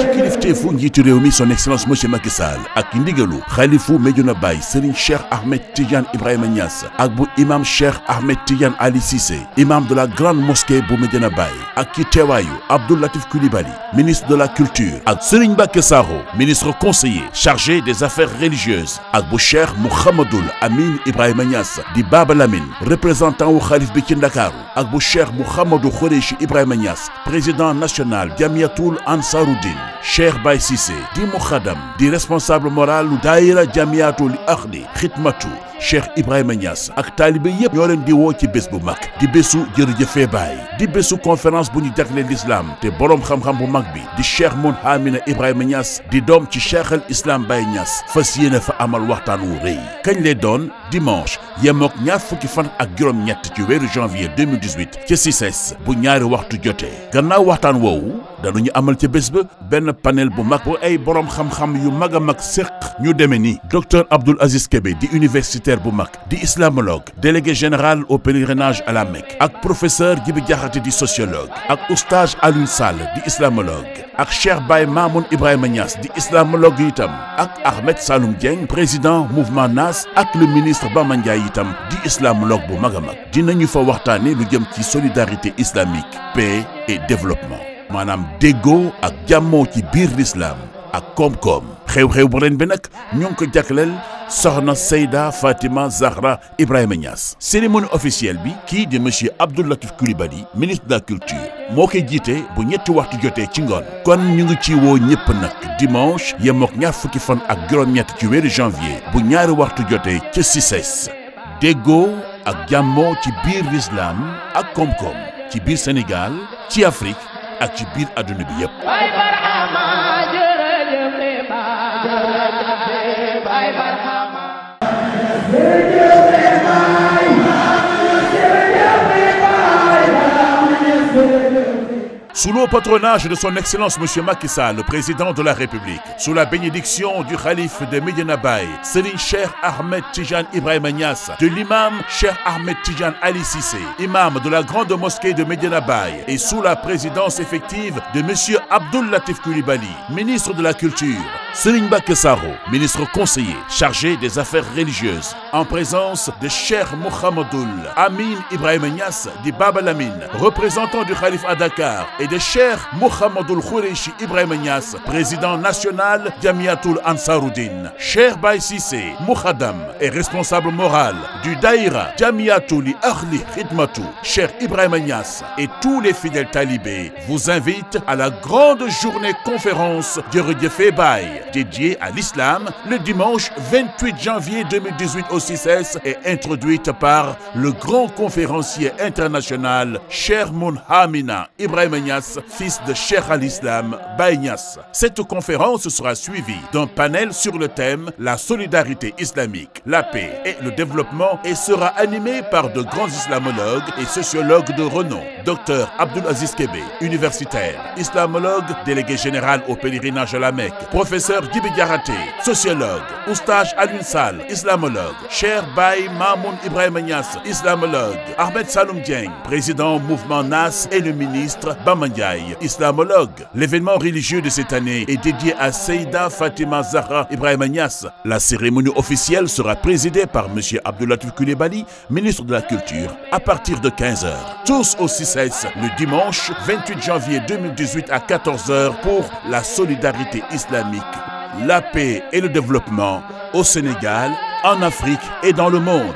ci kilifteefu njiitu réew mi son excellence monsieur Macky Sall ak ndigalu xalifu Medina Baye Serigne Cheikh Ahmed Tidiane Ibrahima Niass ak bu imam Cheikh Ahmed Tidiane Ali Cissé imam de la grande mosquée bu Medina Baye ak i teewaayu Abdoul Latif Coulibaly ministre de la culture ak Serigne Mbacké Sakho ministre conseiller chargé des affaires religieuses ak bu Cheikh Mouhamadoul Amine Ibrahima Niass di Baba Lamine représentant wu xalif bi ci Ndakaaru ak bu cheikh Mouhamadou Khoureychi Ibrahima Niass président national Jamiatul Ansaruddin Cheikh Baye Cissé di muxadam di responsable moral lu daayira jamiyatul axdi xidmatu Cheikh Ibrahima Niass ak taalibe yépp ñoo leen di woo ci bés bu mag di bésu jërëjëfee Baye di bésu conférence bu ñu jagleel l'islam te boroom xam-xam bu mag bi di Cheikh Mounhamina Ibrahima Niass di doom ci Cheikh al Islam Baye Niass fas yéene fa amal waxtaan wu rëy kañ lay doon dimanche yemook ñaar fukki fan ak juróom-ñett ci weeru janvier 2018 ca CICES bu ñaari waxtu jotee gannaaw waxtaan woowu benn bu mag bu ay borom xam-xam yu mag a mag séq ñu demee ni docteur Abdoul Aziz Kébé di universitaire bu mag di islamologue délégué général au pèlerinage à la Mecque ak professeur Djibi Diakhaté di sociologue ak oustaz Alioune Sall di islamologue ak Cheikh bay Mamoun Ibrahima Niass di islamologue itam ak Ahmed Saloum Dieng président mouvement Nas ak le ministre Bamba Ndiaye itam di islamologue bu mag a mag dinañu fa waxtaane lu jëm ci solidarité islamique développement maanaam déggoo ak jàmmoo ci biir lislaam ak koom-koom xew-xew bu ren bi nag ñu ngi ko jagleel soxna Seyda Fatima Zahra Ibrahima Niass cérémonie officielle bi kii di monsieur Abdou Latif Coulibaly ministre de la culture moo koy jiite bu ñetti waxtu jotee ci ngoon kon ñu ngi ci woo ñëpp nag dimanche yemook ñaar fukki fan ak juróom-ñett ci weeru janvier bu ñaari waxtu jotee ca CICES déggoo ak jàmmoo ci biir lislaam ak koom-koom ci biir Sénégal ci Afrique ak ci biir adduna bi yëpp. Barhama Sous le patronage de son excellence m Macky Sall, le président de la République, sous la bénédiction du khalife de Médina Baye, Serigne Cheikh Ahmed Tidiane Ibrahima Niass, de l'imam Cheikh Ahmed Tidiane Ali Cissé, imam de la grande mosquée de Médina Baye et sous la présidence effective de Abdoul Latif Coulibaly ministre de la culture Serigne Mbacké Sakho ministre conseiller chargé des affaires religieuses en présence de Cheikh Mouhamadoul Amine Ibrahima Niass di Baba Lamine représentant du Khalife à et de Cheikh Mouhamadoul Khoureychi Ibrahima Niass président national Jamiatul Ansaruddin Cheikh Baye Cissé Moukhadam et responsable moral du Daïra Jamiatul li Akhli Khidmatou Cheikh Ibrahima Niass et tous les fidèles talibés vous invitent à la grande journée conférence Jërëjëf Baye dédiée à l'islam le dimanche 28 janvier 2018 au CICES et introduite par le grand conférencier international Cheikh Mounhamina Ibrahima Niass fils de Cheikh Al Islam Baye Niass. Cette conférence sera suivie d'un panel sur le thème la solidarité islamique, la paix et le développement et sera animée par de grands islamologues et sociologues de renom, docteur Abdoul Aziz universitaire, anthropologue, délégué général au pèlerinage à la Mecque, professeur Djibi Diaraté, sociologue, Oustage Alunsal, islamologue, Cher Baye Mamoun Ibrahim Niass, islamologue, Ahmed Saloum Dieng, président mouvement NAS et le ministre Bamandiaï, islamologue. L'événement religieux de cette année est dédié à Seyda Fatima Zahra Ibrahim Niass. La cérémonie officielle sera présidée par M. Abdoulatif Koulibaly, ministre de la Culture, à partir de 15h. Tous au 6 le dimanche janvier à 14 pour la solidarité islamique, la paix et le développement au Sénégal, en Afrique et dans le monde.